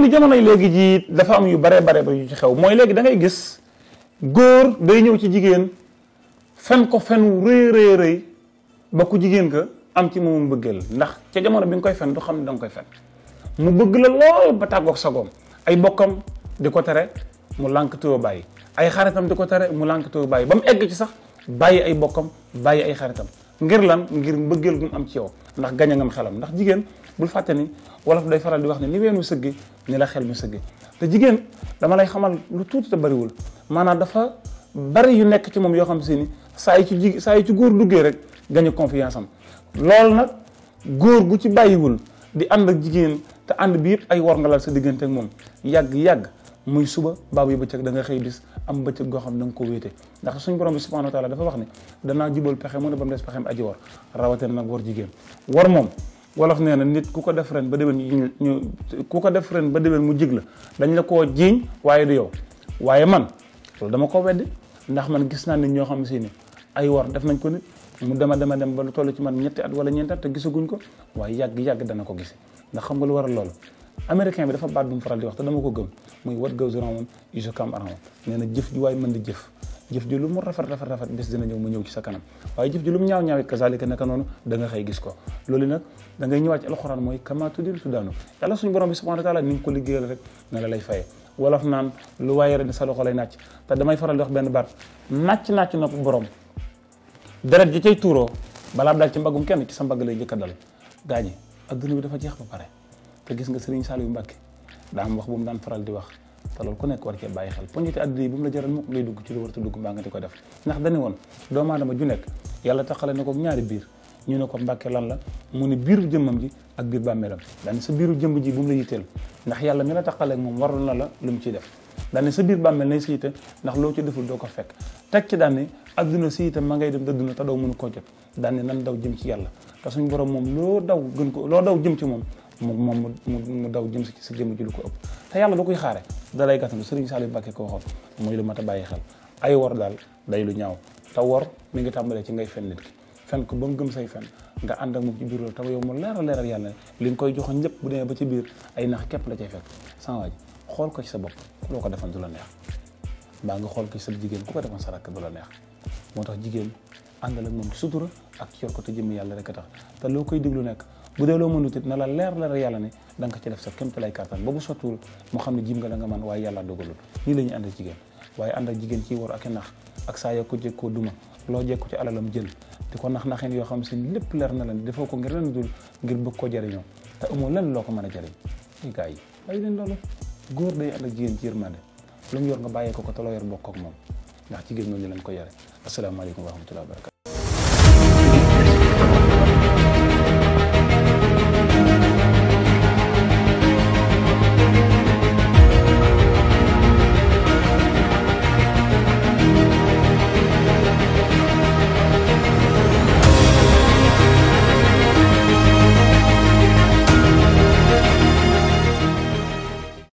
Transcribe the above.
ngeen jamonoy léegi jii dafa am yu bare bare ba yu ci xew mooy léegi dangay gis góor day ñëw ci jigéen fen ko fen rëy rëy ba ku jigéen ka am ci moom bëggeel ndax ca jamono bi nga koy fen du xam ne danga koy fen mu bëgg la lool ba tàggoog sagoom ay bokkam di ko tere mu lànk too bàyyi ay xaritam di ko tere mu lànk too bàyyi ba mu egg ci sax bàyyi ay bokkam bàyyi ay xaritam ngir lan ngir mbëggeel gum am ci yow ndax gañ xelam ndax jigéen bul fàtte ni wolof day faral di wax ne ni weenu sëggi ni la xel mi sëggi te jigéen dama lay xamal lu tuuti te bariwul maanaam dafa bari yu nekk ci moom yoo xam si ni saa yu ji saa yu ci góor duggee rek gañ confiance am loolu nag góor gu ci bàyyiwul di ànd ak jigéen te ànd bi yëpp ay war nga lal sa diggante ak moom yàgg-yàgg muy suba baabu yi bëccëg da nga xëy bis am bëccëg goo xam da nga ko wéete ndax suñ borom bi subhanahu wa taala dafa wax ne danaa jubal pexe mu ne ba mu des pexem aji war rawatina nag war jigéen war moom wolof nee na nit ku ko def reen ba déwén ñu ku ko def ren ba déwén mu jig la dañ la koo jiiñ waaye du yow waaye man loolu dama ko weddi ndax man gis naa nit ñoo xam si ay war def nañ ko nit mu dema dema dem ba lu toll ci man ñetti at wala ñeenti at te gisaguñ ko waaye yàgg-yàgg dana ko gis ndax xam nga lu war a loolu américain bi dafa baat bu mu faral di wax te dama ko gëm muy what goes around is come around nee jëf ji waay mën di jëf jëf ji lu mu rafet rafet rafet bés dina ñëw mu ñëw ci sa kanam waaye jëf ji lu mu ñaaw ñaaw it kazalika naka noonu da nga xëy gis ko loolu nag da ngay ñëwaat ci alxuraan mooy kama tudil tudaanu yàlla suñu borom bi subhanahu wa taala ni nga ko rek na la lay fayee wolof naan lu waaye rek sa loxo lay nàcc te damay faral di benn baat nàcc nàcc nopp borom deret ji cay tuuroo balaa daal ci mbaggum kenn ci sa mbagg lay jëkka dal gaañi adduna bi dafa jeex ba pare te gis nga Serigne Saliou Mbacke daa am wax bu mu daan faral di wax te loolu ku nekk war cee bàyyi xel poñiti àddina yi bu la jaral mukk ngay dugg ci lu war a dugg mbaa nga di ko def ndax dañu woon doomu aadama ju nekk yàlla taxale la mu ne biiru jëmmam ji ak biir bàmmeelam la la taxale la lu mu ciy def daane sa biir bàmmeel nay si yitte ndax loo ci deful doo ko fekk teg ci daane adduna si itam ma ngay dem dëdduna te doo mënu koo jot daane nan daw jëm ci yàlla te suñ borom moom loo daw gën ko loo daw jëm ci moom mu moom mu daw jëm si ci sa jëmm ji ko ëpp te yàlla du koy xaare da lay gàttandu sëriñ Saliou Mbacke ko waxoon muy lu mat a bàyyi xel ay wor daal day lu ñaaw te wor mi ngi tàmbalee ci ngay fen nit fen ko ba mu gëm say fen nga ànd ak moom ci biir loolu te yow mu leeral yàlla li nga koy joxoon ñëpp bu demee ba ci biir ay nax képp la cay fekk sans xool ko ci sa bopp loo ko defan du la neex baa ngi xool ko ci sa jigéen ku ko defan sa rakk du la neex moo tax jigéen àndal ak moom sutura ak yor ko te jëmm yàlla rek a tax te loo koy diglu nekk bu dee loo mën mënut it na la leer la yàlla ne da nga ko ci def sa kéem lay kartaan ba bu sottiwul mu xam ne jim nga la nga man waaye yàlla dogalul nii la ñuy ànd ak jigéen waaye ànd ak jigéen ci war ak i nax ak saa yoo ko jekkoo duma loo jekku ci alalam jël di ko nax naxeen yoo xam seen lépp leer na leen defoo ko ngir leen dul ngir bëgg ko jëriñoo te lan loo ko mën a jëriñ ay gars yi bàyyi leen loolu góor day ànd ak jigéen ci yërmande lu mu yor nga bàyyee ko ko te loo yor bokk ak moom ndax jigéen ñooñu lañ ko yore asalaamaaleykum wa rahmatulah wa barakatu